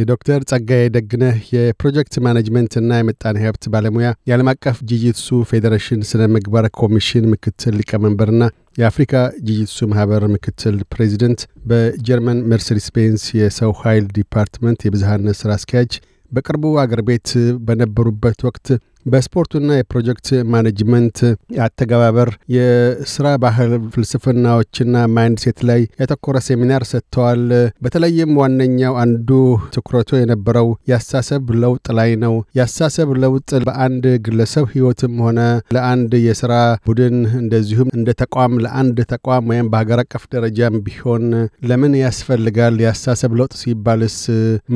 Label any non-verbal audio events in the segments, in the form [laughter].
የዶክተር ጸጋዬ ደግነህ የፕሮጀክት ማኔጅመንት እና የምጣኔ ሀብት ባለሙያ የዓለም አቀፍ ጂጂትሱ ፌዴሬሽን ስነ ምግባር ኮሚሽን ምክትል ሊቀመንበርና የአፍሪካ ጂጂትሱ ማህበር ምክትል ፕሬዚደንት በጀርመን መርሴዲስ ቤንስ የሰው ኃይል ዲፓርትመንት የብዝሃነት ስራ አስኪያጅ በቅርቡ አገር ቤት በነበሩበት ወቅት በስፖርቱና የፕሮጀክት ማኔጅመንት አተገባበር የስራ ባህል ፍልስፍናዎችና ማይንድሴት ላይ ያተኮረ ሴሚናር ሰጥተዋል። በተለይም ዋነኛው አንዱ ትኩረቱ የነበረው የአሳሰብ ለውጥ ላይ ነው። የአሳሰብ ለውጥ በአንድ ግለሰብ ህይወትም ሆነ ለአንድ የስራ ቡድን እንደዚሁም እንደ ተቋም ለአንድ ተቋም ወይም በሀገር አቀፍ ደረጃም ቢሆን ለምን ያስፈልጋል? የአሳሰብ ለውጥ ሲባልስ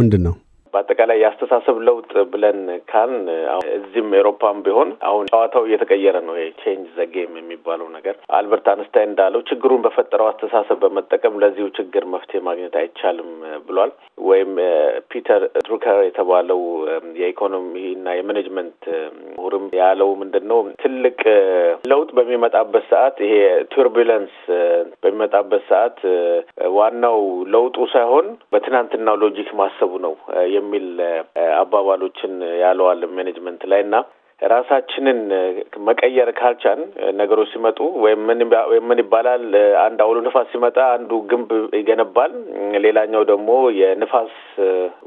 ምንድን ነው? በአጠቃላይ የአስተሳሰብ ለውጥ ብለን ካን እዚህም ኤሮፓም ቢሆን አሁን ጨዋታው እየተቀየረ ነው። ቼንጅ ዘ ጌም የሚባለው ነገር አልበርት አንስታይን እንዳለው ችግሩን በፈጠረው አስተሳሰብ በመጠቀም ለዚሁ ችግር መፍትሄ ማግኘት አይቻልም ብሏል። ወይም ፒተር ድሩከር የተባለው የኢኮኖሚና የመኔጅመንት ምሁርም ያለው ምንድን ነው ትልቅ ለውጥ በሚመጣበት ሰዓት ይሄ ቱርቢለንስ በሚመጣበት ሰዓት ዋናው ለውጡ ሳይሆን በትናንትና ሎጂክ ማሰቡ ነው የሚል አባባሎችን ያለዋል ማኔጅመንት ላይ እና ራሳችንን መቀየር ካልቻን ነገሮች ሲመጡ ወይም ምን ይባላል፣ አንድ አውሎ ንፋስ ሲመጣ አንዱ ግንብ ይገነባል፣ ሌላኛው ደግሞ የንፋስ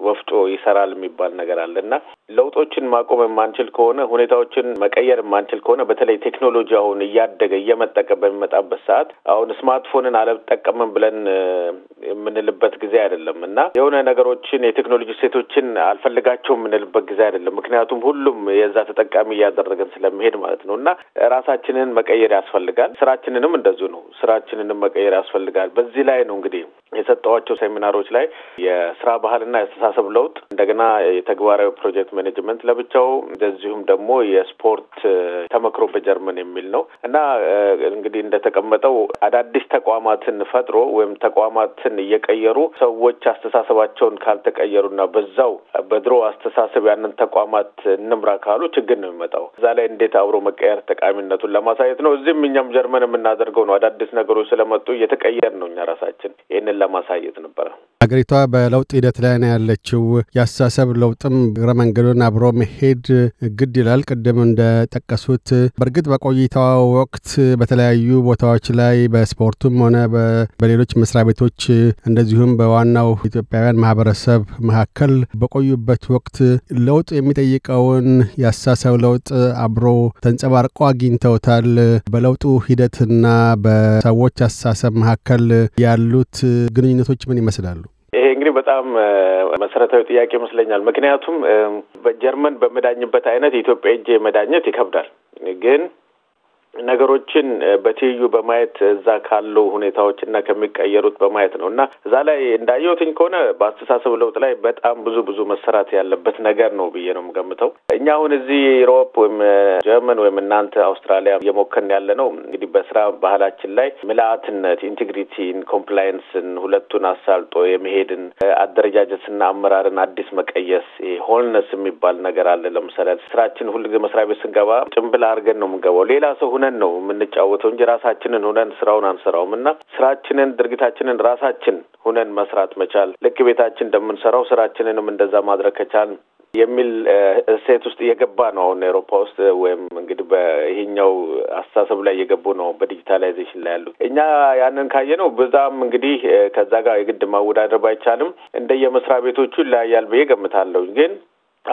ወፍጮ ይሰራል የሚባል ነገር አለ እና ለውጦችን ማቆም የማንችል ከሆነ ሁኔታዎችን መቀየር የማንችል ከሆነ በተለይ ቴክኖሎጂ አሁን እያደገ እየመጠቀ በሚመጣበት ሰዓት አሁን ስማርትፎንን አልጠቀምም ብለን የምንልበት ጊዜ አይደለም እና የሆነ ነገሮችን የቴክኖሎጂ ሴቶችን አልፈልጋቸውም የምንልበት ጊዜ አይደለም። ምክንያቱም ሁሉም የዛ ተጠቃሚ እያደረገን ስለመሄድ ማለት ነው እና ራሳችንን መቀየር ያስፈልጋል። ስራችንንም እንደዚሁ ነው። ስራችንንም መቀየር ያስፈልጋል። በዚህ ላይ ነው እንግዲህ የሰጠዋቸው ሴሚናሮች ላይ የስራ ባህልና የአስተሳሰብ ለውጥ እንደገና የተግባራዊ ፕሮጀክት ማኔጅመንት ለብቻው እንደዚሁም ደግሞ የስፖርት ተመክሮ በጀርመን የሚል ነው እና እንግዲህ እንደተቀመጠው አዳዲስ ተቋማትን ፈጥሮ ወይም ተቋማትን እየቀየሩ ሰዎች አስተሳሰባቸውን ካልተቀየሩና በዛው በድሮ አስተሳሰብ ያንን ተቋማት እንምራ ካሉ ችግር ነው የሚመጣው። እዛ ላይ እንዴት አብሮ መቀየር ጠቃሚነቱን ለማሳየት ነው። እዚህም እኛም ጀርመን የምናደርገው ነው። አዳዲስ ነገሮች ስለመጡ እየተቀየር ነው እኛ ራሳችን ይህንን ለማሳየት ነበረ። ሀገሪቷ በለውጥ ሂደት ላይ ነው ያለችው። የአስተሳሰብ ለውጥም እግረ መንገዱን አብሮ መሄድ ግድ ይላል። ቅድም እንደጠቀሱት በእርግጥ በቆይታ ወቅት በተለያዩ ቦታዎች ላይ በስፖርቱም ሆነ በሌሎች መስሪያ ቤቶች እንደዚሁም በዋናው ኢትዮጵያውያን ማህበረሰብ መካከል በቆዩበት ወቅት ለውጥ የሚጠይቀውን የአስተሳሰብ ለውጥ አብሮ ተንጸባርቆ አግኝተውታል። በለውጡ ሂደትና በሰዎች አስተሳሰብ መካከል ያሉት ግንኙነቶች ምን ይመስላሉ? ይሄ እንግዲህ በጣም መሰረታዊ ጥያቄ ይመስለኛል። ምክንያቱም በጀርመን በመዳኝበት አይነት የኢትዮጵያ እጅ መዳኘት ይከብዳል ግን ነገሮችን በትይዩ በማየት እዛ ካሉ ሁኔታዎች እና ከሚቀየሩት በማየት ነው እና እዛ ላይ እንዳየሁትኝ ከሆነ በአስተሳሰብ ለውጥ ላይ በጣም ብዙ ብዙ መሰራት ያለበት ነገር ነው ብዬ ነው የምገምተው። እኛ አሁን እዚህ ዩሮፕ ወይም ጀርመን ወይም እናንተ አውስትራሊያ እየሞከርን ያለ ነው እንግዲህ በስራ ባህላችን ላይ ምልአትነት፣ ኢንቴግሪቲን፣ ኮምፕላይንስን ሁለቱን አሳልጦ የመሄድን አደረጃጀትና አመራርን አዲስ መቀየስ ሆልነስ የሚባል ነገር አለ። ለምሳሌ ስራችን ሁልጊዜ መስሪያ ቤት ስንገባ ጭንብል አድርገን ነው የምንገባው ሌላ ሰው ሁነን ነው የምንጫወተው እንጂ ራሳችንን ሁነን ስራውን አንሰራውም እና ስራችንን፣ ድርጊታችንን ራሳችን ሁነን መስራት መቻል ልክ ቤታችን እንደምንሰራው ስራችንንም እንደዛ ማድረግ ከቻል የሚል እሴት ውስጥ እየገባ ነው አሁን አውሮፓ ውስጥ ወይም እንግዲህ በይሄኛው አስተሳሰብ ላይ እየገቡ ነው በዲጂታላይዜሽን ላይ ያሉት። እኛ ያንን ካየ ነው በዛም እንግዲህ ከዛ ጋር የግድ ማወዳደር ባይቻልም እንደየመስሪያ ቤቶቹ ይለያያል ብዬ ገምታለሁ ግን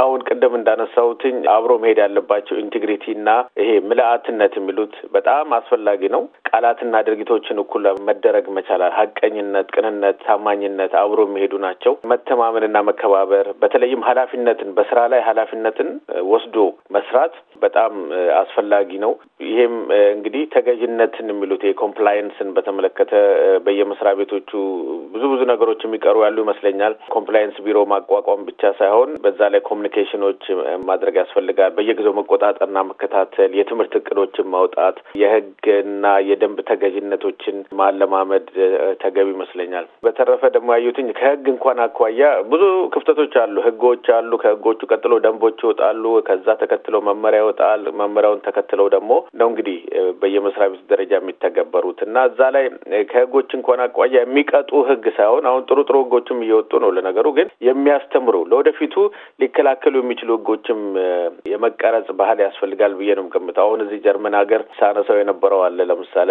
አሁን ቅድም እንዳነሳሁትኝ አብሮ መሄድ ያለባቸው ኢንቴግሪቲ እና ይሄ ምልአትነት የሚሉት በጣም አስፈላጊ ነው። ቃላትና ድርጊቶችን እኩል መደረግ መቻላል፣ ሀቀኝነት፣ ቅንነት፣ ታማኝነት አብሮ የሚሄዱ ናቸው። መተማመንና መከባበር፣ በተለይም ኃላፊነትን በስራ ላይ ኃላፊነትን ወስዶ መስራት በጣም አስፈላጊ ነው። ይሄም እንግዲህ ተገዥነትን የሚሉት የኮምፕላይንስን በተመለከተ በየመስሪያ ቤቶቹ ብዙ ብዙ ነገሮች የሚቀሩ ያሉ ይመስለኛል። ኮምፕላይንስ ቢሮ ማቋቋም ብቻ ሳይሆን በዛ ላይ ኮሚኒኬሽኖች ማድረግ ያስፈልጋል። በየጊዜው መቆጣጠርና መከታተል፣ የትምህርት እቅዶችን ማውጣት፣ የህግና የደንብ ተገዥነቶችን ማለማመድ ተገቢ ይመስለኛል። በተረፈ ደግሞ ያዩትኝ ከህግ እንኳን አኳያ ብዙ ክፍተቶች አሉ። ህጎች አሉ። ከህጎቹ ቀጥሎ ደንቦች ይወጣሉ። ከዛ ተከትሎ መመሪያ ይወጣል። መመሪያውን ተከትለው ደግሞ ነው እንግዲህ በየመስሪያ ቤት ደረጃ የሚተገበሩት እና እዛ ላይ ከህጎች እንኳን አቋያ የሚቀጡ ህግ ሳይሆን አሁን ጥሩ ጥሩ ህጎችም እየወጡ ነው። ለነገሩ ግን የሚያስተምሩ ለወደፊቱ ሊከላከሉ የሚችሉ ህጎችም የመቀረጽ ባህል ያስፈልጋል ብዬ ነው የምገምተው። አሁን እዚህ ጀርመን ሀገር ሳነሰው የነበረው አለ። ለምሳሌ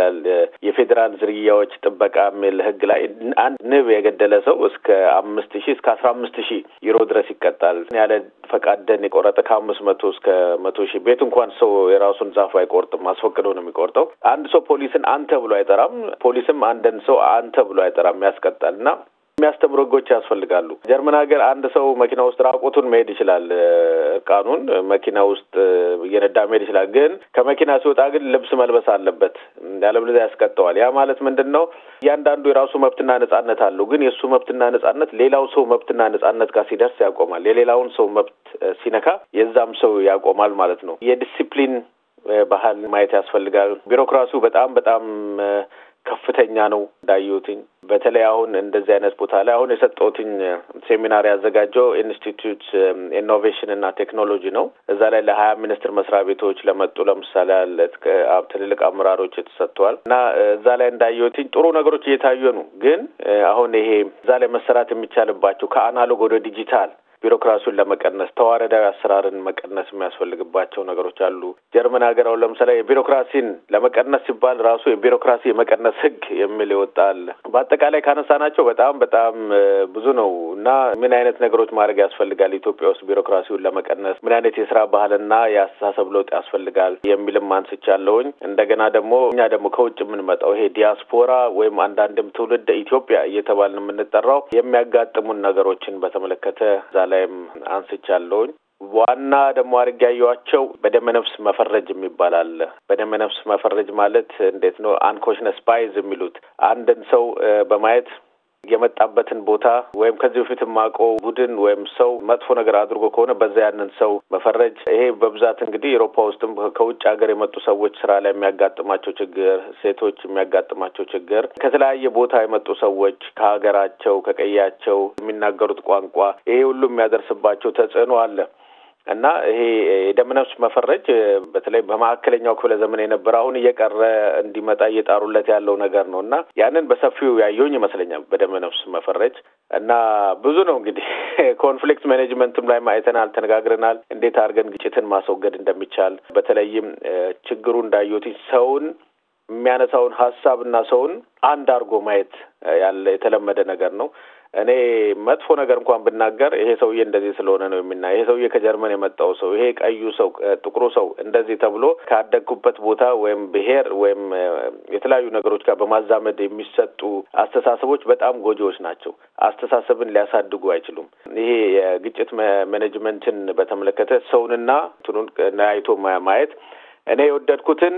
የፌዴራል ዝርያዎች ጥበቃ የሚል ህግ ላይ አንድ ንብ የገደለ ሰው እስከ አምስት ሺህ እስከ አስራ አምስት ሺህ ዩሮ ድረስ ይቀጣል። ያለ ፈቃድ ደን የቆረጠ ከአምስት መቶ እስከ መቶ ሺህ ቤት እንኳን ሰው የራሱን ዛፍ አይቆርጥም፣ አስፈቅዶ ነው የሚቆርጠው። አንድ ሰው ፖሊስን አንተ ብሎ አይጠራም፣ ፖሊስም አንድን ሰው አንተ ብሎ አይጠራም፣ ያስቀጣል እና የሚያስተምሩ ህጎች ያስፈልጋሉ። ጀርመን ሀገር አንድ ሰው መኪና ውስጥ ራቁቱን መሄድ ይችላል። እርቃኑን መኪና ውስጥ እየነዳ መሄድ ይችላል። ግን ከመኪና ሲወጣ ግን ልብስ መልበስ አለበት። ያለበለዚያ ያስቀጠዋል። ያ ማለት ምንድን ነው? እያንዳንዱ የራሱ መብትና ነጻነት አለው። ግን የእሱ መብትና ነጻነት ሌላው ሰው መብትና ነጻነት ጋር ሲደርስ ያቆማል። የሌላውን ሰው መብት ሲነካ የዛም ሰው ያቆማል ማለት ነው። የዲሲፕሊን ባህል ማየት ያስፈልጋል። ቢሮክራሲው በጣም በጣም ከፍተኛ ነው እንዳየሁትኝ። በተለይ አሁን እንደዚህ አይነት ቦታ ላይ አሁን የሰጠሁትኝ ሴሚናር ያዘጋጀው ኢንስቲትዩት ኢኖቬሽን እና ቴክኖሎጂ ነው። እዛ ላይ ለሀያ ሚኒስትር መስሪያ ቤቶች ለመጡ ለምሳሌ ትልልቅ አመራሮች የተሰጥተዋል እና እዛ ላይ እንዳየሁትኝ ጥሩ ነገሮች እየታየ ነው። ግን አሁን ይሄ እዛ ላይ መሰራት የሚቻልባቸው ከአናሎግ ወደ ዲጂታል ቢሮክራሲውን ለመቀነስ ተዋረዳዊ አሰራርን መቀነስ የሚያስፈልግባቸው ነገሮች አሉ። ጀርመን ሀገር አሁን ለምሳሌ የቢሮክራሲን ለመቀነስ ሲባል ራሱ የቢሮክራሲ የመቀነስ ህግ የሚል ይወጣል። በአጠቃላይ ካነሳናቸው በጣም በጣም ብዙ ነው እና ምን አይነት ነገሮች ማድረግ ያስፈልጋል ኢትዮጵያ ውስጥ ቢሮክራሲውን ለመቀነስ ምን አይነት የስራ ባህልና የአስተሳሰብ ለውጥ ያስፈልጋል የሚልም አንስቻለሁኝ። እንደገና ደግሞ እኛ ደግሞ ከውጭ የምንመጣው ይሄ ዲያስፖራ ወይም አንዳንድም ትውልድ ኢትዮጵያ እየተባልን የምንጠራው የሚያጋጥሙን ነገሮችን በተመለከተ ላይም አንስቻለሁኝ። ዋና ደግሞ አድርጌ ያየኋቸው በደመነፍስ መፈረጅ የሚባል አለ። በደመነፍስ መፈረጅ ማለት እንዴት ነው? አንኮሽነስ ባይዝ የሚሉት አንድን ሰው በማየት የመጣበትን ቦታ ወይም ከዚህ በፊት የማውቀው ቡድን ወይም ሰው መጥፎ ነገር አድርጎ ከሆነ በዛ ያንን ሰው መፈረጅ። ይሄ በብዛት እንግዲህ አውሮፓ ውስጥም ከውጭ ሀገር የመጡ ሰዎች ስራ ላይ የሚያጋጥማቸው ችግር፣ ሴቶች የሚያጋጥማቸው ችግር፣ ከተለያየ ቦታ የመጡ ሰዎች ከሀገራቸው ከቀያቸው የሚናገሩት ቋንቋ፣ ይሄ ሁሉ የሚያደርስባቸው ተጽዕኖ አለ። እና ይሄ የደመነፍስ መፈረጅ በተለይ በመካከለኛው ክፍለ ዘመን የነበረ አሁን እየቀረ እንዲመጣ እየጣሩለት ያለው ነገር ነው እና ያንን በሰፊው ያየውኝ ይመስለኛል በደመነፍስ መፈረጅ እና ብዙ ነው እንግዲህ [laughs] ኮንፍሊክት ማኔጅመንትም ላይ ማየተናል፣ ተነጋግረናል። እንዴት አድርገን ግጭትን ማስወገድ እንደሚቻል በተለይም ችግሩ እንዳየሁት ሰውን የሚያነሳውን ሀሳብና ሰውን አንድ አድርጎ ማየት ያለ የተለመደ ነገር ነው። እኔ መጥፎ ነገር እንኳን ብናገር ይሄ ሰውዬ እንደዚህ ስለሆነ ነው የሚና ይሄ ሰውዬ ከጀርመን የመጣው ሰው ይሄ ቀዩ ሰው ጥቁሩ ሰው እንደዚህ ተብሎ ካደግኩበት ቦታ ወይም ብሄር ወይም የተለያዩ ነገሮች ጋር በማዛመድ የሚሰጡ አስተሳሰቦች በጣም ጎጂዎች ናቸው። አስተሳሰብን ሊያሳድጉ አይችሉም። ይሄ የግጭት መኔጅመንትን በተመለከተ ሰውንና እንትኑን አይቶ ማየት እኔ የወደድኩትን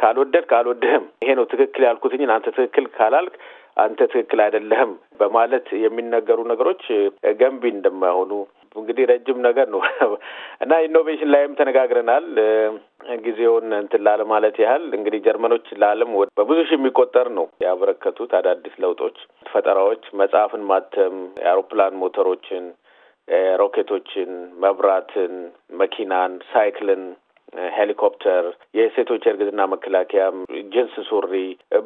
ካልወደድ ካልወደህም ይሄ ነው ትክክል ያልኩትኝን አንተ ትክክል ካላልክ አንተ ትክክል አይደለህም በማለት የሚነገሩ ነገሮች ገንቢ እንደማይሆኑ እንግዲህ ረጅም ነገር ነው [laughs] እና ኢኖቬሽን ላይም ተነጋግረናል። ጊዜውን እንትን ላለማለት ያህል እንግዲህ ጀርመኖች ለዓለም በብዙ ሺህ የሚቆጠር ነው ያበረከቱት አዳዲስ ለውጦች፣ ፈጠራዎች፣ መጽሐፍን ማተም፣ የአውሮፕላን ሞተሮችን፣ ሮኬቶችን፣ መብራትን፣ መኪናን፣ ሳይክልን ሄሊኮፕተር፣ የሴቶች የእርግዝና መከላከያ ጅንስ ሱሪ፣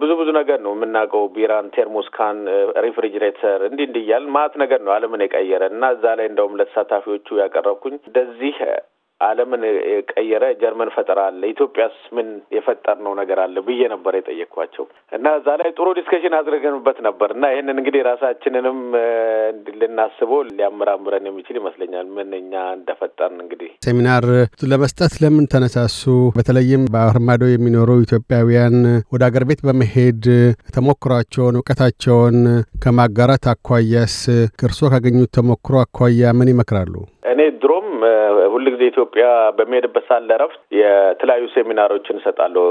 ብዙ ብዙ ነገር ነው የምናውቀው። ቢራን፣ ቴርሞስካን፣ ሪፍሪጅሬተር እንዲህ እንዲህ እያልን ማት ነገር ነው አለምን የቀየረ እና እዛ ላይ እንደውም ለተሳታፊዎቹ ያቀረብኩኝ እንደዚህ ዓለምን የቀየረ ጀርመን ፈጠራ አለ፣ ኢትዮጵያስ ምን የፈጠርነው ነገር አለ ብዬ ነበር የጠየቅኳቸው እና እዛ ላይ ጥሩ ዲስከሽን አድርገንበት ነበር እና ይህንን እንግዲህ ራሳችንንም ልናስበው ሊያመራምረን የሚችል ይመስለኛል። ምን እኛ እንደፈጠርን እንግዲህ ሴሚናር ለመስጠት ለምን ተነሳሱ? በተለይም በአርማዶ ማዶ የሚኖሩ ኢትዮጵያውያን ወደ አገር ቤት በመሄድ ተሞክሯቸውን፣ እውቀታቸውን ከማጋራት አኳያስ ከእርስዎ ካገኙት ተሞክሮ አኳያ ምን ይመክራሉ? እኔ ድሮም ሁልጊዜ ኢትዮጵያ በሚሄድበት ሳለ ረፍት የተለያዩ ሴሚናሮችን እሰጣለሁ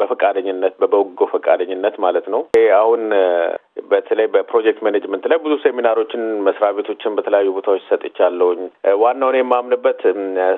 በፈቃደኝነት በበጎ ፈቃደኝነት ማለት ነው። አሁን በተለይ በፕሮጀክት ማኔጅመንት ላይ ብዙ ሴሚናሮችን መስሪያ ቤቶችን በተለያዩ ቦታዎች ሰጥቻለሁኝ። ዋናውን የማምንበት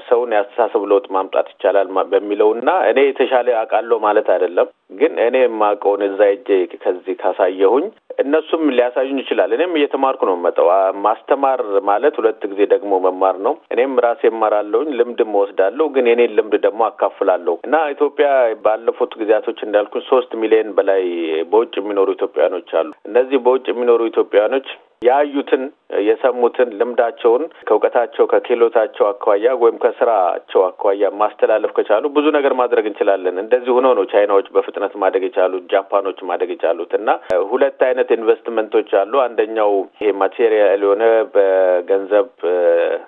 ሰውን የአስተሳሰብ ለውጥ ማምጣት ይቻላል በሚለው እና እኔ የተሻለ አውቃለሁ ማለት አይደለም፣ ግን እኔ የማውቀውን እዛ እጄ ከዚህ ካሳየሁኝ እነሱም ሊያሳዩን ይችላል። እኔም እየተማርኩ ነው መጠው ማስተማር ማለት ሁለት ጊዜ ደግሞ መማር ነው። እኔም ራሴ እማራለሁኝ፣ ልምድም እወስዳለሁ፣ ግን የኔን ልምድ ደግሞ አካፍላለሁ እና ኢትዮጵያ ባለፉት ጊዜያቶች እንዳልኩኝ ሶስት ሚሊዮን በላይ በውጭ የሚኖሩ ኢትዮጵያኖች አሉ። እነዚህ በውጭ የሚኖሩ ኢትዮጵያኖች ያዩትን የሰሙትን ልምዳቸውን ከእውቀታቸው ከክህሎታቸው አኳያ ወይም ከስራቸው አኳያ ማስተላለፍ ከቻሉ ብዙ ነገር ማድረግ እንችላለን። እንደዚህ ሆኖ ነው ቻይናዎች በፍጥነት ማደግ የቻሉት፣ ጃፓኖች ማደግ የቻሉት እና ሁለት አይነት ኢንቨስትመንቶች አሉ። አንደኛው ይሄ ማቴሪያል የሆነ በገንዘብ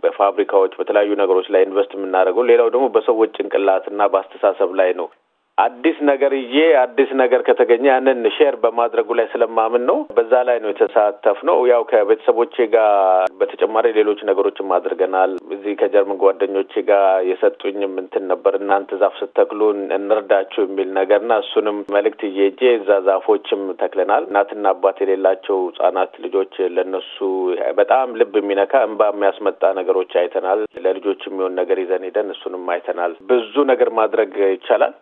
በፋብሪካዎች፣ በተለያዩ ነገሮች ላይ ኢንቨስት የምናደርገው፣ ሌላው ደግሞ በሰዎች ጭንቅላት እና በአስተሳሰብ ላይ ነው አዲስ ነገር ይዤ አዲስ ነገር ከተገኘ ያንን ሼር በማድረጉ ላይ ስለማምን ነው። በዛ ላይ ነው የተሳተፍ ነው። ያው ከቤተሰቦቼ ጋር በተጨማሪ ሌሎች ነገሮችም አድርገናል። እዚህ ከጀርመን ጓደኞቼ ጋር የሰጡኝም እንትን ነበር፣ እናንተ ዛፍ ስተክሉ እንርዳችሁ የሚል ነገር እና እሱንም መልእክት እየጄ እዛ ዛፎችም ተክለናል። እናትና አባት የሌላቸው ህጻናት ልጆች ለነሱ በጣም ልብ የሚነካ እንባ የሚያስመጣ ነገሮች አይተናል። ለልጆች የሚሆን ነገር ይዘን ሄደን እሱንም አይተናል። ብዙ ነገር ማድረግ ይቻላል።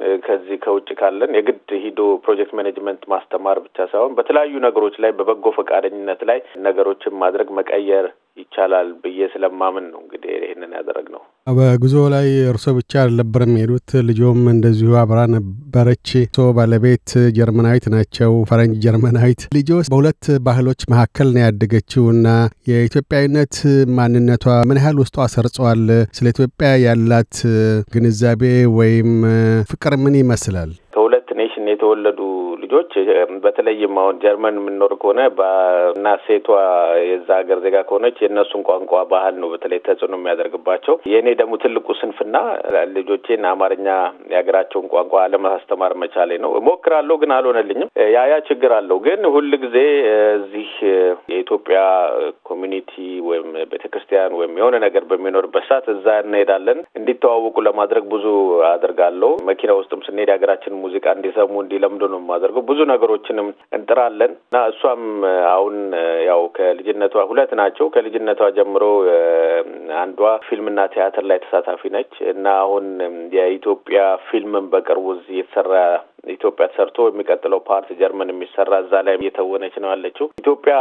ከዚህ ከውጭ ካለን የግድ ሂዶ ፕሮጀክት ማኔጅመንት ማስተማር ብቻ ሳይሆን በተለያዩ ነገሮች ላይ በበጎ ፈቃደኝነት ላይ ነገሮችን ማድረግ መቀየር ይቻላል ብዬ ስለማምን ነው እንግዲህ ይህንን ነው። በጉዞ ላይ እርሶ ብቻ አልነበረም የሄዱት፣ ልጆም እንደዚሁ አብራ ነበረች። እርሶ ባለቤት ጀርመናዊት ናቸው፣ ፈረንጅ ጀርመናዊት። ልጆ በሁለት ባህሎች መካከል ነው ያደገችው እና የኢትዮጵያዊነት ማንነቷ ምን ያህል ውስጧ ሰርጸዋል? ስለ ኢትዮጵያ ያላት ግንዛቤ ወይም ፍቅር ምን ይመስላል? ከሁለት ኔሽን ልጆች በተለይም አሁን ጀርመን የምንኖር ከሆነ እና ሴቷ የዛ ሀገር ዜጋ ከሆነች የእነሱን ቋንቋ ባህል ነው በተለይ ተጽዕኖ የሚያደርግባቸው። የእኔ ደግሞ ትልቁ ስንፍና ልጆቼን አማርኛ የሀገራቸውን ቋንቋ አለማስተማር መቻሌ ነው። እሞክራለሁ ግን አልሆነልኝም። ያ ያ ችግር አለው። ግን ሁል ጊዜ እዚህ የኢትዮጵያ ኮሚኒቲ ወይም ቤተክርስቲያን ወይም የሆነ ነገር በሚኖርበት ሰዓት እዛ እንሄዳለን እንዲተዋወቁ ለማድረግ ብዙ አድርጋለሁ መኪና ውስጥም ስንሄድ ሀገራችን ሙዚቃ እንዲሰሙ እንዲለምዱ ነው ማድረግ አድርገው ብዙ ነገሮችንም እንጥራለን እና እሷም አሁን ያው ከልጅነቷ ሁለት ናቸው። ከልጅነቷ ጀምሮ አንዷ ፊልምና ቲያትር ላይ ተሳታፊ ነች እና አሁን የኢትዮጵያ ፊልምን በቅርቡ እዚህ የተሰራ ኢትዮጵያ ተሰርቶ የሚቀጥለው ፓርት ጀርመን የሚሰራ እዛ ላይ እየተወነች ነው ያለችው ኢትዮጵያ።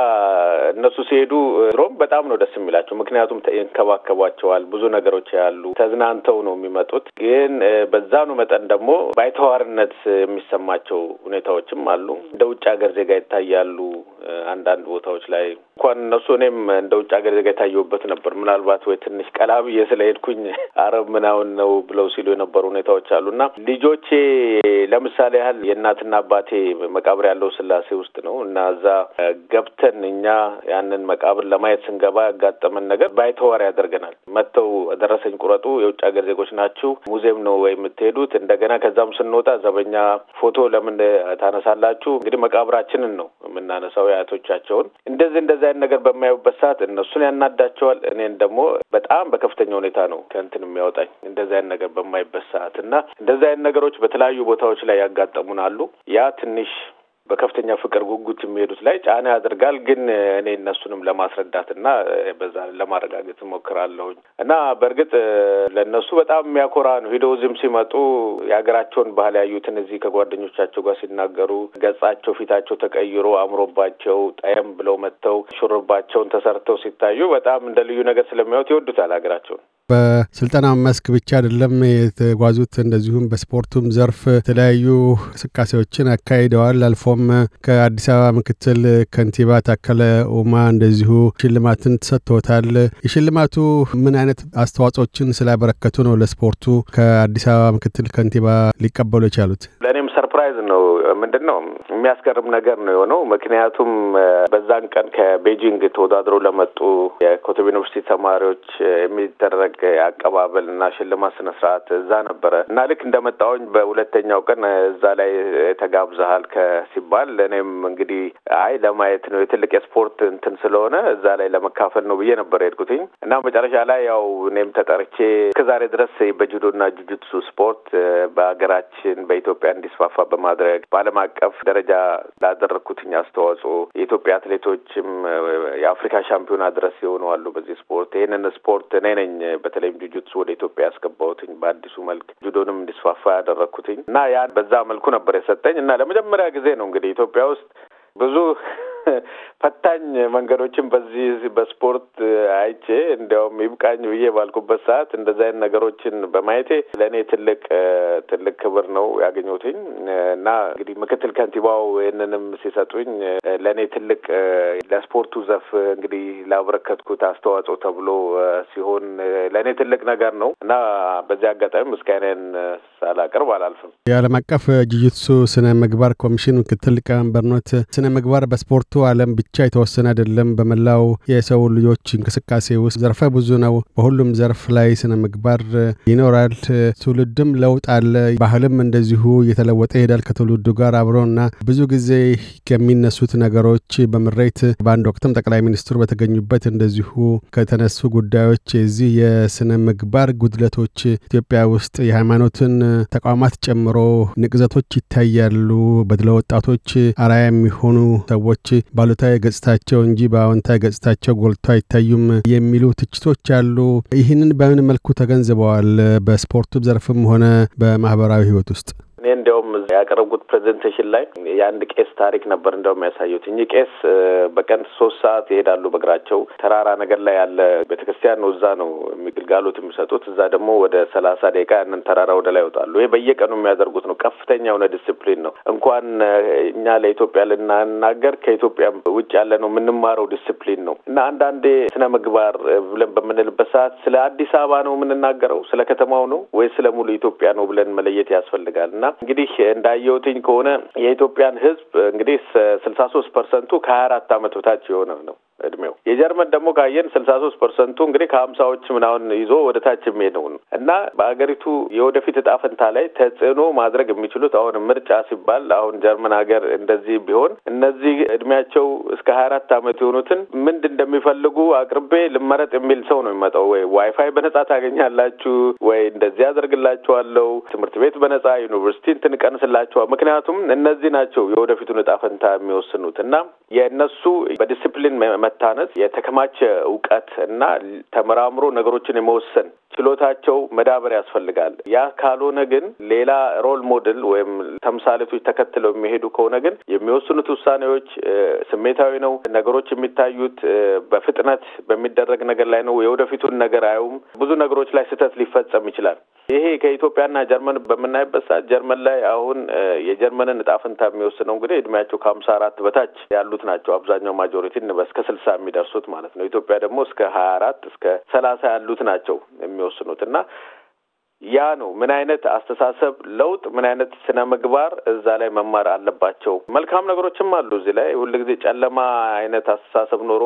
እነሱ ሲሄዱ ድሮም በጣም ነው ደስ የሚላቸው፣ ምክንያቱም ይንከባከቧቸዋል፣ ብዙ ነገሮች ያሉ ተዝናንተው ነው የሚመጡት። ግን በዛኑ መጠን ደግሞ ባይተዋርነት የሚሰማቸው ሁኔታዎችም አሉ። እንደ ውጭ ሀገር ዜጋ ይታያሉ። አንዳንድ ቦታዎች ላይ እንኳን እነሱ እኔም እንደ ውጭ ሀገር ዜጋ የታየሁበት ነበር። ምናልባት ወይ ትንሽ ቀላ ብዬ ስለሄድኩኝ አረብ ምናምን ነው ብለው ሲሉ የነበሩ ሁኔታዎች አሉ እና ልጆቼ ለምሳሌ ያህል የእናትና አባቴ መቃብር ያለው ስላሴ ውስጥ ነው እና እዛ ገብተን እኛ ያንን መቃብር ለማየት ስንገባ ያጋጠመን ነገር ባይተዋር ያደርገናል። መጥተው ደረሰኝ ቁረጡ፣ የውጭ ሀገር ዜጎች ናችሁ፣ ሙዚየም ነው ወይ የምትሄዱት? እንደገና ከዛም ስንወጣ ዘበኛ ፎቶ ለምን ታነሳላችሁ? እንግዲህ መቃብራችንን ነው የምናነሳው አያቶቻቸውን እንደዚህ እንደዚህ አይነት ነገር በማያዩበት ሰዓት እነሱን ያናዳቸዋል። እኔን ደግሞ በጣም በከፍተኛ ሁኔታ ነው ከእንትን የሚያወጣኝ እንደዚህ አይነት ነገር በማይበት ሰዓት እና እንደዚህ አይነት ነገሮች በተለያዩ ቦታዎች ላይ አሉ። ያ ትንሽ በከፍተኛ ፍቅር ጉጉት የሚሄዱት ላይ ጫና ያደርጋል። ግን እኔ እነሱንም ለማስረዳትና በዛ ለማረጋገጥ እሞክራለሁኝ እና በእርግጥ ለእነሱ በጣም የሚያኮራ ነው። ሂደው እዚህም ሲመጡ የሀገራቸውን ባህል ያዩትን እዚህ ከጓደኞቻቸው ጋር ሲናገሩ ገጻቸው፣ ፊታቸው ተቀይሮ አምሮባቸው ጠየም ብለው መጥተው ሹርባቸውን ተሰርተው ሲታዩ በጣም እንደ ልዩ ነገር ስለሚያዩት ይወዱታል ሀገራቸውን። በስልጠና መስክ ብቻ አይደለም የተጓዙት፣ እንደዚሁም በስፖርቱም ዘርፍ የተለያዩ እንቅስቃሴዎችን አካሂደዋል። አልፎም ከአዲስ አበባ ምክትል ከንቲባ ታከለ ኡማ እንደዚሁ ሽልማትን ተሰጥቶታል። የሽልማቱ ምን አይነት አስተዋጽኦችን ስላበረከቱ ነው ለስፖርቱ ከአዲስ አበባ ምክትል ከንቲባ ሊቀበሉ የቻሉት? ሰርፕራይዝ ነው። ምንድን ነው የሚያስገርም ነገር ነው የሆነው። ምክንያቱም በዛን ቀን ከቤጂንግ ተወዳድረው ለመጡ የኮተብ ዩኒቨርሲቲ ተማሪዎች የሚደረግ አቀባበል እና ሽልማት ስነ ስርዓት እዛ ነበረ እና ልክ እንደመጣውኝ በሁለተኛው ቀን እዛ ላይ ተጋብዘሃል ከሲባል እኔም እንግዲህ አይ ለማየት ነው የትልቅ የስፖርት እንትን ስለሆነ እዛ ላይ ለመካፈል ነው ብዬ ነበር የሄድኩትኝ እና መጨረሻ ላይ ያው እኔም ተጠርቼ እስከዛሬ ድረስ በጁዶና ጁጁትሱ ስፖርት በሀገራችን በኢትዮጵያ እንዲስፋፋ በማድረግ በዓለም አቀፍ ደረጃ ላደረግኩትኝ አስተዋጽኦ የኢትዮጵያ አትሌቶችም የአፍሪካ ሻምፒዮና ድረስ የሆኑ አሉ። በዚህ ስፖርት ይህንን ስፖርት እኔ ነኝ በተለይም ጁጁትሱ ወደ ኢትዮጵያ ያስገባሁትኝ በአዲሱ መልክ ጁዶንም እንዲስፋፋ ያደረግኩትኝ እና ያን በዛ መልኩ ነበር የሰጠኝ እና ለመጀመሪያ ጊዜ ነው እንግዲህ ኢትዮጵያ ውስጥ ብዙ [laughs] ፈታኝ መንገዶችን በዚህ በስፖርት አይቼ እንዲያውም ይብቃኝ ብዬ ባልኩበት ሰዓት እንደዚህ አይነት ነገሮችን በማየቴ ለእኔ ትልቅ ትልቅ ክብር ነው ያገኘትኝ እና እንግዲህ ምክትል ከንቲባው ይህንንም ሲሰጡኝ ለእኔ ትልቅ ለስፖርቱ ዘፍ እንግዲህ ላበረከትኩት አስተዋጽኦ ተብሎ ሲሆን ለእኔ ትልቅ ነገር ነው እና በዚህ አጋጣሚ ምስጋናዬን ሳላቅርብ አላልፍም። የዓለም አቀፍ ጅጅትሱ ስነ ምግባር ኮሚሽን ምክትል ሊቀመንበር ስነ ምግባር በስፖርት ዓለም ብቻ የተወሰነ አይደለም። በመላው የሰው ልጆች እንቅስቃሴ ውስጥ ዘርፈ ብዙ ነው። በሁሉም ዘርፍ ላይ ስነ ምግባር ይኖራል። ትውልድም ለውጥ አለ። ባህልም እንደዚሁ እየተለወጠ ይሄዳል ከትውልዱ ጋር አብሮና ብዙ ጊዜ ከሚነሱት ነገሮች በምሬት በአንድ ወቅትም ጠቅላይ ሚኒስትሩ በተገኙበት እንደዚሁ ከተነሱ ጉዳዮች የዚህ የስነ ምግባር ጉድለቶች ኢትዮጵያ ውስጥ የሃይማኖትን ተቋማት ጨምሮ ንቅዘቶች ይታያሉ። በድለ ወጣቶች አርአያ የሚሆኑ ሰዎች ባሉታዊ ገጽታቸው እንጂ በአዎንታዊ ገጽታቸው ጎልቶ አይታዩም የሚሉ ትችቶች አሉ። ይህንን በምን መልኩ ተገንዝበዋል? በስፖርቱ ዘርፍም ሆነ በማህበራዊ ህይወት ውስጥ ያቀረብኩት ፕሬዘንቴሽን ላይ የአንድ ቄስ ታሪክ ነበር እንደው የሚያሳዩት። እኚህ ቄስ በቀን ሶስት ሰዓት ይሄዳሉ በእግራቸው ተራራ ነገር ላይ ያለ ቤተክርስቲያን ነው። እዛ ነው የሚግልጋሎት የሚሰጡት። እዛ ደግሞ ወደ ሰላሳ ደቂቃ ያንን ተራራ ወደ ላይ ይወጣሉ። ይሄ በየቀኑ የሚያደርጉት ነው። ከፍተኛ የሆነ ዲስፕሊን ነው። እንኳን እኛ ለኢትዮጵያ ልናናገር ከኢትዮጵያ ውጭ ያለ ነው የምንማረው ዲስፕሊን ነው እና አንዳንዴ ስነ ምግባር ብለን በምንልበት ሰዓት ስለ አዲስ አበባ ነው የምንናገረው ስለ ከተማው ነው ወይ ስለ ሙሉ ኢትዮጵያ ነው ብለን መለየት ያስፈልጋል እና እንግዲህ እንዳ እንዳየሁትኝ ከሆነ የኢትዮጵያን ሕዝብ እንግዲህ ስልሳ ሶስት ፐርሰንቱ ከሀያ አራት አመት በታች የሆነ ነው እድሜው። የጀርመን ደግሞ ካየን ስልሳ ሶስት ፐርሰንቱ እንግዲህ ከሀምሳዎች ምናምን ይዞ ወደ ታች የሚሄደው ነው እና በሀገሪቱ የወደፊት እጣ ፈንታ ላይ ተጽዕኖ ማድረግ የሚችሉት አሁን ምርጫ ሲባል አሁን ጀርመን ሀገር እንደዚህ ቢሆን እነዚህ እድሜያቸው እስከ ሀያ አራት አመት የሆኑትን ምንድ እንደሚፈልጉ አቅርቤ ልመረጥ የሚል ሰው ነው የሚመጣው። ወይ ዋይፋይ በነጻ ታገኛላችሁ፣ ወይ እንደዚህ አደርግላችኋለሁ፣ ትምህርት ቤት በነጻ ዩኒቨርሲቲ እንትን ቀንስላችኋል። ምክንያቱም እነዚህ ናቸው የወደፊቱን እጣ ፈንታ የሚወስኑት እና የእነሱ በዲስፕሊን መታነጽ፣ የተከማቸ እውቀት እና ተመራምሮ ነገሮችን የመወሰን ችሎታቸው መዳበር ያስፈልጋል። ያ ካልሆነ ግን ሌላ ሮል ሞዴል ወይም ተምሳሌቶች ተከትለው የሚሄዱ ከሆነ ግን የሚወስኑት ውሳኔዎች ስሜታዊ ነው። ነገሮች የሚታዩት በፍጥነት በሚደረግ ነገር ላይ ነው። የወደፊቱን ነገር አይውም ብዙ ነገሮች ላይ ስህተት ሊፈጸም ይችላል። ይሄ ከኢትዮጵያና ጀርመን በምናይበት ሰዓት ጀርመን ላይ አሁን የጀርመንን እጣ ፈንታ የሚወስነው እንግዲህ እድሜያቸው ከሀምሳ አራት በታች ያሉት ናቸው። አብዛኛው ማጆሪቲ እስከ ስልሳ የሚደርሱት ማለት ነው። ኢትዮጵያ ደግሞ እስከ ሀያ አራት እስከ ሰላሳ ያሉት ናቸው የሚወስኑት እና ያ ነው ምን አይነት አስተሳሰብ ለውጥ፣ ምን አይነት ስነ ምግባር እዛ ላይ መማር አለባቸው። መልካም ነገሮችም አሉ እዚህ ላይ። ሁልጊዜ ጨለማ አይነት አስተሳሰብ ኖሮ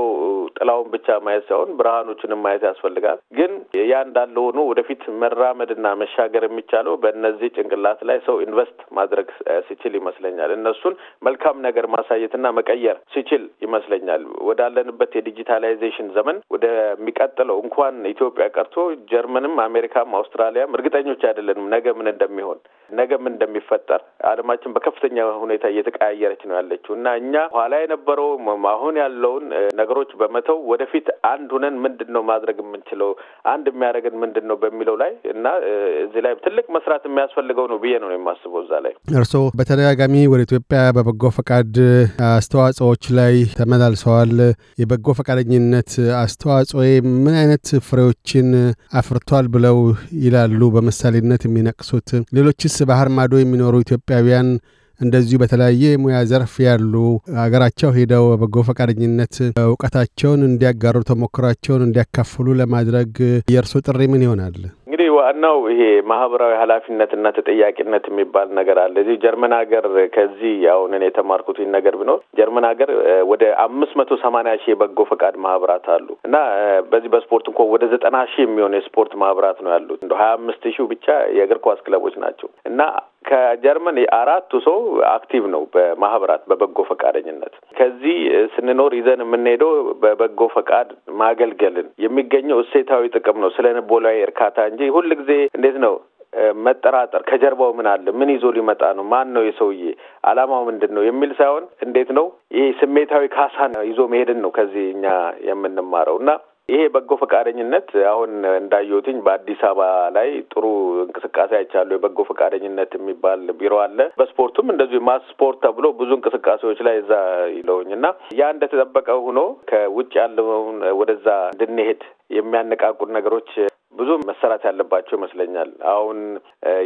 ጥላውን ብቻ ማየት ሳይሆን ብርሃኖችንም ማየት ያስፈልጋል። ግን ያ እንዳለ ሆኖ ወደፊት መራመድና መሻገር የሚቻለው በእነዚህ ጭንቅላት ላይ ሰው ኢንቨስት ማድረግ ሲችል ይመስለኛል። እነሱን መልካም ነገር ማሳየትና መቀየር ሲችል ይመስለኛል። ወዳለንበት የዲጂታላይዜሽን ዘመን ወደሚቀጥለው እንኳን ኢትዮጵያ ቀርቶ ጀርመንም አሜሪካም አውስትራሊያም እርግጠኞች አይደለንም ነገ ምን እንደሚሆን ነገም እንደሚፈጠር ዓለማችን በከፍተኛ ሁኔታ እየተቀያየረች ነው ያለችው እና እኛ ኋላ የነበረው አሁን ያለውን ነገሮች በመተው ወደፊት አንድ ሁነን ምንድን ነው ማድረግ የምንችለው አንድ የሚያደርገን ምንድን ነው በሚለው ላይ እና እዚህ ላይ ትልቅ መስራት የሚያስፈልገው ነው ብዬ ነው የማስበው። እዛ ላይ እርስዎ በተደጋጋሚ ወደ ኢትዮጵያ በበጎ ፈቃድ አስተዋጽኦዎች ላይ ተመላልሰዋል። የበጎ ፈቃደኝነት አስተዋጽኦ ምን አይነት ፍሬዎችን አፍርቷል ብለው ይላሉ? በምሳሌነት የሚነቅሱት ሌሎችስ ባህር ማዶ የሚኖሩ ኢትዮጵያውያን እንደዚሁ በተለያየ የሙያ ዘርፍ ያሉ ሀገራቸው ሄደው በበጎ ፈቃደኝነት እውቀታቸውን እንዲያጋሩ፣ ተሞክሯቸውን እንዲያካፍሉ ለማድረግ የእርሶ ጥሪ ምን ይሆናል? ዋናው ይሄ ማህበራዊ ኃላፊነትና ተጠያቂነት የሚባል ነገር አለ። እዚህ ጀርመን ሀገር ከዚህ አሁን እኔ የተማርኩት ነገር ቢኖር ጀርመን ሀገር ወደ አምስት መቶ ሰማንያ ሺህ የበጎ ፈቃድ ማህበራት አሉ እና በዚህ በስፖርት እንኳ ወደ ዘጠና ሺህ የሚሆኑ የስፖርት ማህበራት ነው ያሉት። እንደ ሀያ አምስት ሺህ ብቻ የእግር ኳስ ክለቦች ናቸው እና ከጀርመን አራቱ ሰው አክቲቭ ነው በማህበራት በበጎ ፈቃደኝነት። ከዚህ ስንኖር ይዘን የምንሄደው በበጎ ፈቃድ ማገልገልን የሚገኘው እሴታዊ ጥቅም ነው፣ ስለ ንቦላዊ እርካታ እንጂ ሁል ጊዜ እንዴት ነው መጠራጠር ከጀርባው ምን አለ፣ ምን ይዞ ሊመጣ ነው፣ ማን ነው የሰውዬ አላማው ምንድን ነው የሚል ሳይሆን እንዴት ነው ይህ ስሜታዊ ካሳን ይዞ መሄድን ነው ከዚህ እኛ የምንማረው እና ይሄ በጎ ፈቃደኝነት አሁን እንዳየሁትኝ በአዲስ አበባ ላይ ጥሩ እንቅስቃሴ አይቻሉ። የበጎ ፈቃደኝነት የሚባል ቢሮ አለ። በስፖርቱም እንደዚሁ ማስ ስፖርት ተብሎ ብዙ እንቅስቃሴዎች ላይ እዛ ይለውኝ እና ያ እንደተጠበቀ ሆኖ ከውጭ ያለውን ወደዛ እንድንሄድ የሚያነቃቁን ነገሮች ብዙ መሰራት ያለባቸው ይመስለኛል። አሁን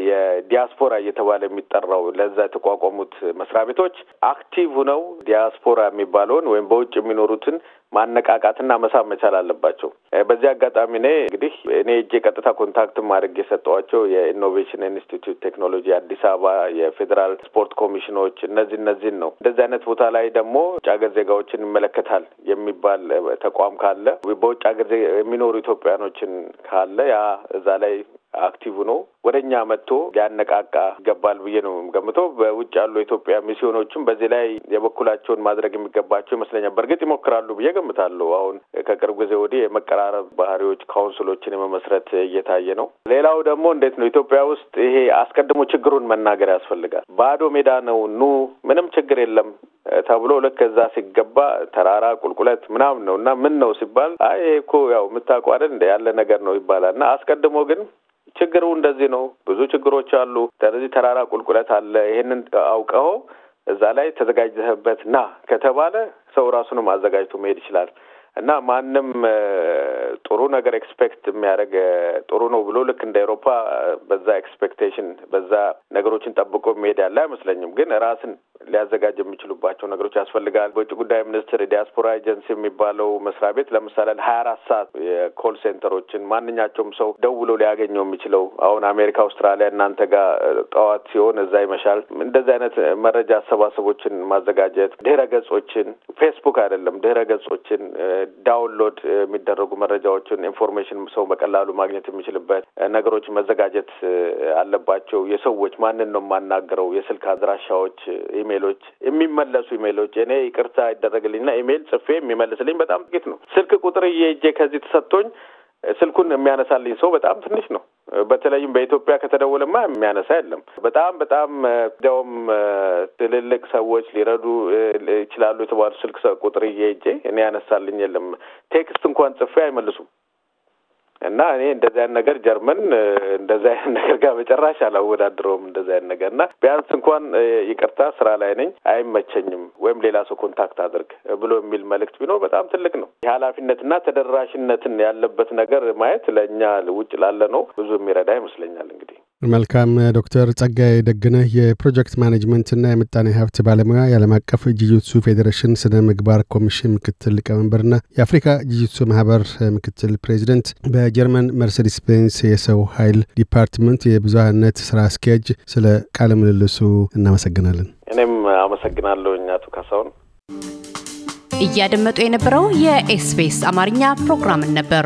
የዲያስፖራ እየተባለ የሚጠራው ለዛ የተቋቋሙት መስሪያ ቤቶች አክቲቭ ሁነው ዲያስፖራ የሚባለውን ወይም በውጭ የሚኖሩትን ማነቃቃትና መሳብ መቻል አለባቸው። በዚህ አጋጣሚ እኔ እንግዲህ እኔ እጄ ቀጥታ ኮንታክት ማድረግ የሰጠዋቸው የኢኖቬሽን ኢንስቲትዩት ቴክኖሎጂ አዲስ አበባ፣ የፌዴራል ስፖርት ኮሚሽኖች እነዚህ እነዚህን ነው። እንደዚህ አይነት ቦታ ላይ ደግሞ ውጭ ሀገር ዜጋዎችን ይመለከታል የሚባል ተቋም ካለ በውጭ ሀገር የሚኖሩ ኢትዮጵያኖችን ካለ ያ እዛ ላይ አክቲቭ ነው ወደ እኛ መጥቶ ሊያነቃቃ ይገባል ብዬ ነው የምገምተው። በውጭ ያሉ ኢትዮጵያ ሚስዮኖችም በዚህ ላይ የበኩላቸውን ማድረግ የሚገባቸው ይመስለኛል። በእርግጥ ይሞክራሉ ብዬ ገምታለሁ። አሁን ከቅርብ ጊዜ ወዲህ የመቀራ የመቀራረብ ባህሪዎች ካውንስሎችን የመመስረት እየታየ ነው። ሌላው ደግሞ እንዴት ነው ኢትዮጵያ ውስጥ ይሄ አስቀድሞ ችግሩን መናገር ያስፈልጋል። ባዶ ሜዳ ነው ኑ ምንም ችግር የለም ተብሎ ልክ እዛ ሲገባ ተራራ ቁልቁለት ምናምን ነው እና ምን ነው ሲባል አይ እኮ ያው የምታውቀው አይደል እንደ ያለ ነገር ነው ይባላል እና አስቀድሞ ግን ችግሩ እንደዚህ ነው፣ ብዙ ችግሮች አሉ፣ ስለዚህ ተራራ ቁልቁለት አለ፣ ይሄንን አውቀኸው እዛ ላይ ተዘጋጅተህበት ና ከተባለ ሰው ራሱንም አዘጋጅቶ መሄድ ይችላል። እና ማንም ጥሩ ነገር ኤክስፔክት የሚያደርግ ጥሩ ነው ብሎ ልክ እንደ ኤሮፓ በዛ ኤክስፔክቴሽን በዛ ነገሮችን ጠብቆ የሚሄድ ያለ አይመስለኝም። ግን ራስን ሊያዘጋጅ የሚችሉባቸው ነገሮች ያስፈልጋል። በውጭ ጉዳይ ሚኒስቴር የዲያስፖራ ኤጀንሲ የሚባለው መስሪያ ቤት ለምሳሌ ሀያ አራት ሰዓት የኮል ሴንተሮችን ማንኛቸውም ሰው ደውሎ ሊያገኘው የሚችለው አሁን አሜሪካ፣ አውስትራሊያ እናንተ ጋር ጠዋት ሲሆን እዛ ይመሻል። እንደዚህ አይነት መረጃ አሰባሰቦችን ማዘጋጀት፣ ድህረ ገጾችን ፌስቡክ አይደለም ድህረ ገጾችን ዳውንሎድ የሚደረጉ መረጃዎችን ኢንፎርሜሽን ሰው በቀላሉ ማግኘት የሚችልበት ነገሮች መዘጋጀት አለባቸው። የሰዎች ማንን ነው የማናገረው የስልክ አድራሻዎች ኢሜሎች የሚመለሱ ኢሜሎች እኔ ይቅርታ ይደረግልኝና ኢሜል ጽፌ የሚመልስልኝ በጣም ጥቂት ነው። ስልክ ቁጥር እየሄጄ ከዚህ ተሰጥቶኝ ስልኩን የሚያነሳልኝ ሰው በጣም ትንሽ ነው። በተለይም በኢትዮጵያ ከተደወለማ የሚያነሳ የለም። በጣም በጣም እንዲያውም ትልልቅ ሰዎች ሊረዱ ይችላሉ የተባሉ ስልክ ቁጥር እየሄጄ እኔ ያነሳልኝ የለም። ቴክስት እንኳን ጽፌ አይመልሱም። እና እኔ እንደዚህ አይነት ነገር ጀርመን እንደዚህ አይነት [laughs] ነገር ጋር መጨራሽ አላወዳድረውም። እንደዚህ አይነት ነገር እና ቢያንስ እንኳን ይቅርታ ስራ ላይ ነኝ አይመቸኝም፣ ወይም ሌላ ሰው ኮንታክት አድርግ ብሎ የሚል መልእክት ቢኖር በጣም ትልቅ ነው። የኃላፊነትና ተደራሽነትን ያለበት ነገር ማየት ለእኛ ውጭ ላለ ነው ብዙ የሚረዳ ይመስለኛል እንግዲህ መልካም ዶክተር ጸጋይ ደግነህ የፕሮጀክት ማኔጅመንትና የምጣኔ ሀብት ባለሙያ የዓለም አቀፍ ጅጅትሱ ፌዴሬሽን ስነ ምግባር ኮሚሽን ምክትል ሊቀመንበርና የአፍሪካ ጅጅትሱ ማህበር ምክትል ፕሬዚደንት በጀርመን መርሴዲስ ቤንስ የሰው ኃይል ዲፓርትመንት የብዙሀነት ስራ አስኪያጅ ስለ ቃለ ምልልሱ እናመሰግናለን እኔም አመሰግናለሁ እኛቱ ካሳሁን እያደመጡ የነበረው የኤስፔስ አማርኛ ፕሮግራምን ነበር